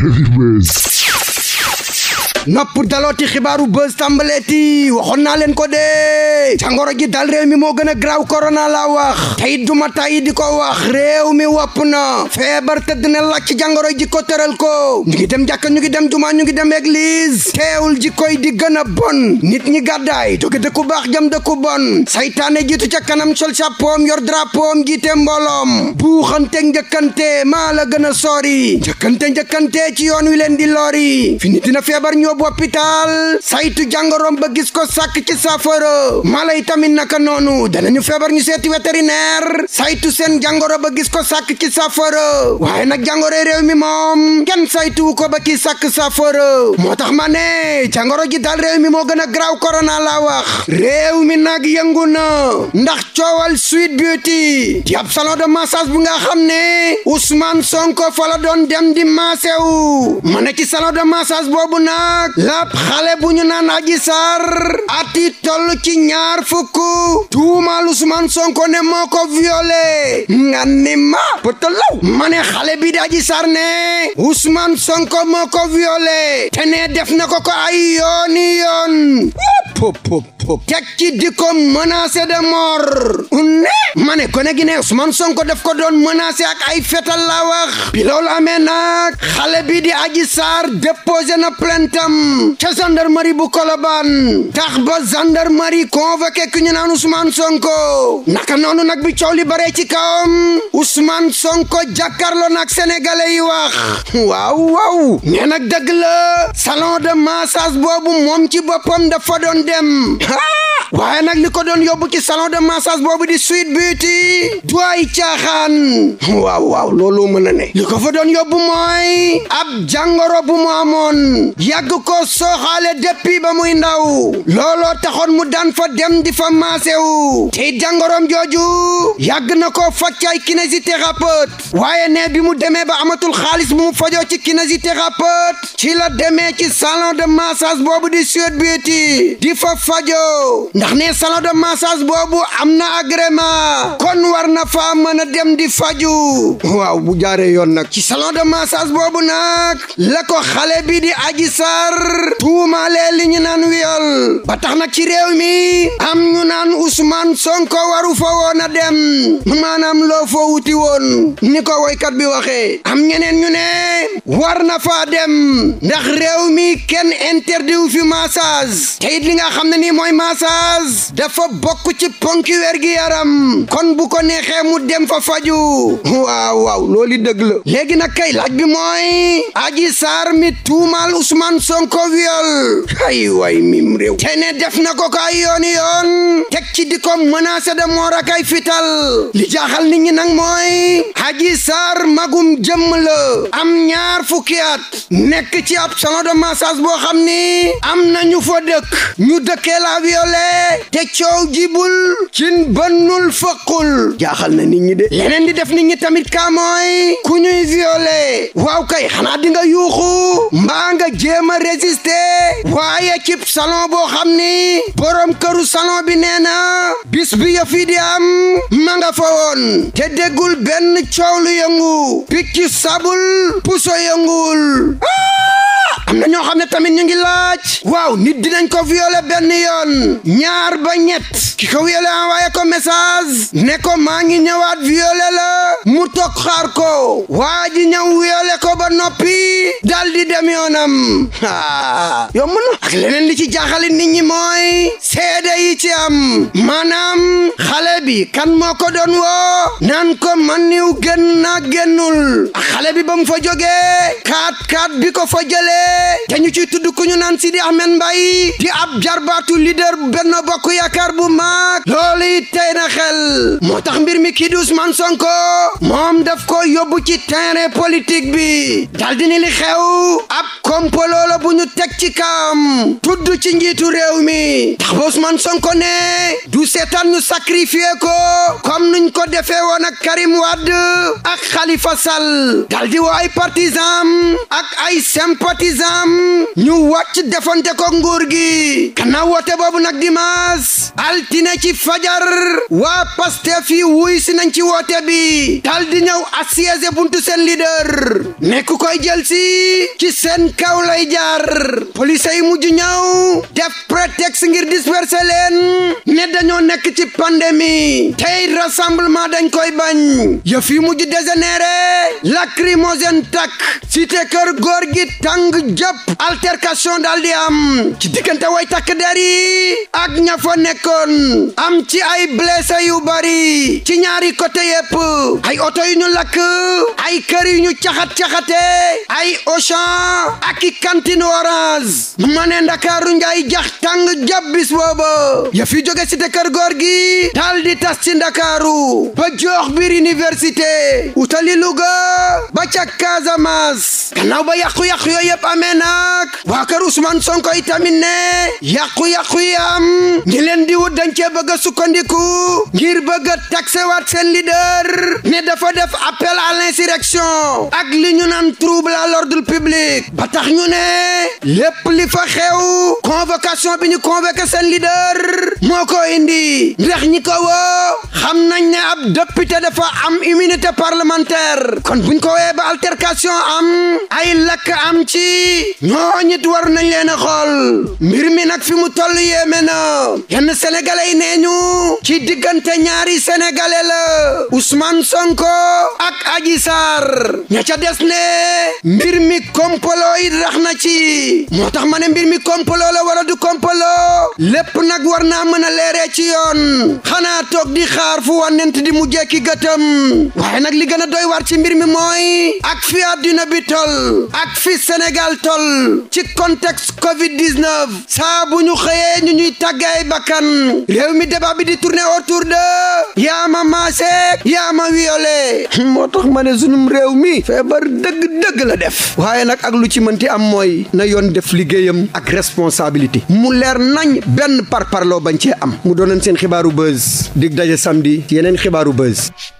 Heavyweights. nopp dalooti xibaaru bës tàmbaleeti waxoon naa leen ko dee jàngoro ji dal réew mi moo gën a graaw korona la wax tey duma tàyyi di ko wax réew mi wopp na feebar tëdd na làcc jàngoro ji ko tëral ko ñu ngi dem jàkka ñu ngi dem jumaa ñu ngi dem église teewul ji koy di gën a bon nit ñi gàddaay jóge dëkku baax jëm dëkku bon saytaane jiitu ca kanam sol sapom yor drapoom jiite mbooloom buuxante njëkkante maa la gën a sori njëkkante njëkkante ci yoon wi leen di lori feebar ñoo yóbbu hôpital saytu jàngoroom ba gis ko sàkk ci saafara mala yi tamit naka noonu danañu feebar ñu seeti vétérinaire saytu seen jàngoro ba gis ko sàkk ci saafara waaye nag jàngoro réew mi moom kenn saytu ko ba ki sàkk saafara moo tax ma ne jàngoro ji daal mi moo gën a graaw corona laa wax mi nag yëngu na ndax coowal Sweet Beauty di ab salon de massage bu nga xam ne Ousmane Sonko fa la doon dem di massewu ma ne ci salon de massage boobu na nag lab xale bu ñu naan aji sar ati toll ci ñaar fukk tuumaal Ousmane Sonko ne moo ko violé nga ni ma pëtalaw ma ne xale bi di aji ne Ousmane Sonko moo ko violé te ne def na ko ko ay yooni yoon teg ci di ko menacé de mort ne ma ne gone gi Sonko daf ko doon menacé ak ay fetal laa wax bi loolu amee xale bi di Adji Sarr déposé na plaintam ca gendarmerie bu Colobane tax ba gendarmerie convoqué ku ñu naan Ousmane Sonko naka noonu nag bi coow li baree ci kawam Ousmane Sonko jàkkaarloo nag sénégalais yi wax waaw waaw nee nag salon de massage boobu moom ci boppam dafa doon dem waaye nag li ko doon yóbbu ci salon de massage boobu di Sweet Beauty du ay caaxaan waaw waaw loolu mën a ne li ko fa doon yóbbu mooy ab jàngoro bu mu amoon yàgg ko sooxaale depuis ba muy ndaw looloo taxoon mu dan fa dem di fa maasewu te jàngoroom jooju yàgg na ko faj ci ay kinésithérapeute waaye ne bi mu demee ba amatul xaalis bu mu fajoo ci kinésithérapeute ci la demee ci salon de massage boobu di Sweet Beauty di fa fajoo ndax ne salon de massage boobu am na agrément kon war na faa mën a dem di faju waaw bu jaaree yoon nag ci salon de massage boobu nag la ko xale bi di aji sar tuumaalee li ñu naan wiyol ba tax nag ci réew mi am ñu naan Ousmane Sonko waru fa woon a dem maanaam loo foo wuti woon ni ko woykat bi waxe am ñeneen ñu ne war na faa dem ndax réew mi kenn interdit wu fi massage te it nga xam na ni mooy massage dafa bokk ci ponki wér gi yaram kon bu ko neexee mu dem fa faju waaw waaw loolu dëgg la léegi nag kay laaj bi mooy aji saar mi tuumaal Ousmane Sonko viol ay waay mim réew te ne def na ko ko ay yooni yoon teg ci di ko menacé de fital li jaaxal ñi nag mooy aji saar magum jëmm la ñaar fukki at nekk ci ab salon de massage boo xam ni am na ñu fa dëkk ñu dëkkee la violé te coow jibul cin bënnul fëqul jaaxal na nit de leneen di def nit ñi tamit kaa mooy ku ñuy violé waaw kay xanaa di nga yuuxu mbaa nga jéem a résister waaye cib salon boo xam ni borom këru salon bi nee na bis bi ya di am ma nga fa woon te déggul benn coow lu yëngu picc sabul pus kaso yëngul ah! am na ñoo xam ne tamit ñu ngi laaj waaw nit dinañ ko violé benn yoon ñaar ba ñet ki ko violé envoyé ko message ne ko maa ngi ñëwaat violé la mu toog xaar ko waa ji ñëw violé ko ba noppi dal di dem yoonam ah yomb na ak leneen li ci jaaxalit nit ñi mooy seede yi ci am maanaam. xale bi kan moo ko doon woo naan ko man niw génn na génnul xale bi ba mu fa jógee kaat kaat bi ko fa jëlee dañu ci tudd ku ñu naan Sidi Ahmed mbay di ab jarbaatu leader Benno Bokk Yaakaar bu mag loolu it tey na xel moo tax mbir mi kii di Ousmane Sonko moom daf ko yóbbu ci terrain politique bi daldi ni li xew ab kompolo bu ñu teg ci kaam tudd ci njiitu réew mi tax ba Ousmane Sonko ne du seetaan ñu sakk sacrifié ko comme nuñ ko defee wa ak Karim Wade ak Khalifa Sall dal di ay partisans ak ay sympathisants ñu wàcc defante ko nguur gi gannaaw woote boobu nag dimanche altine ci fajar waa Pastef yi wuy si nañ ci woote bi dal di ñëw assiéger buntu seen leader nekk koy jël si ci seen kaw lay jaar mujj ñëw def prétexte ngir disperser leen ne dañoo nekk ci pan pandémie tey rassemblement dañ koy bañ yëf yi mujj dégénéré lacrymogène takk cité kër góor gi tàng jëpp altercation daal di am ci diggante way takk der yi ak ña fa nekkoon am ci ay blessé yu bari ci ñaari côté yépp ay oto yu ñu lakk ay kër yu ñu caxat-caxate ay Auchan ak i cantine Orange ma ne Ndakaaru njaay jax tàng jàpp bis booba ya fi jóge cité kër góor dal tas ci ndakaaru ba joox biir université utali Louga ba ca Casamance gannaaw ba yàqu-yàqu yooyu yëpp amee nag waa kër Ousmane Sonko itamit ne yàqu-yàqu yi am ñi leen di wut dañ cee bëgg a sukkandiku ngir bëgg a taxewaat seen leader ne dafa def appel à l'insurrection ak li ñu naan trouble à l'ordre public ba tax ñu ne lépp li fa xew convocation bi ñu convoqué seen leader moo ko indi ndax ñi ko woo xam nañ ne ab député dafa am immunité parlementaire kon buñ ko wee ba altercation am ay lakk am ci ñooñit war nañ leen a mbir mi nag fi mu toll yéeme na yenn sénégalais yi nee ñu ci diggante ñaari sénégalais la Ousmane Sonko ak Adji Sarr ña ca des ne mbir mi kompolo yi rax na ci moo tax ma ne mbir mi kompolo la wala du kompolo lépp nag war naa mën a leere ci yoon xanaa toog di xaar fu wànnent di mu jekki gëtam waaye nag li gën a doy waar ci mbir mi mooy ak fi àddina bi tol ak fi senegal tol ci contexte Covid 19 saa bu ñu xëyee ñu ñuy tàggaay bakkan réew mi débat bi di tourner autour de yaama maaseek yaama wiyole moo tax ma ne sunum réew mi feebar dëgg-dëgg la def waaye nag ak lu ci mënti am mooy na yoon def liggéeyam ak responsabilité mu leer nañ benn par parloo bañ cee am mu doonoon seen xibaaru buzz dig daje samedi yeneen xibaaru buzz.